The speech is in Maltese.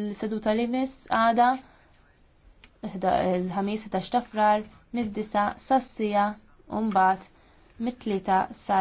l-seduta li mis għada l ħamis 11 ta' frar mid-disa sassija umbat mit-tlita sa'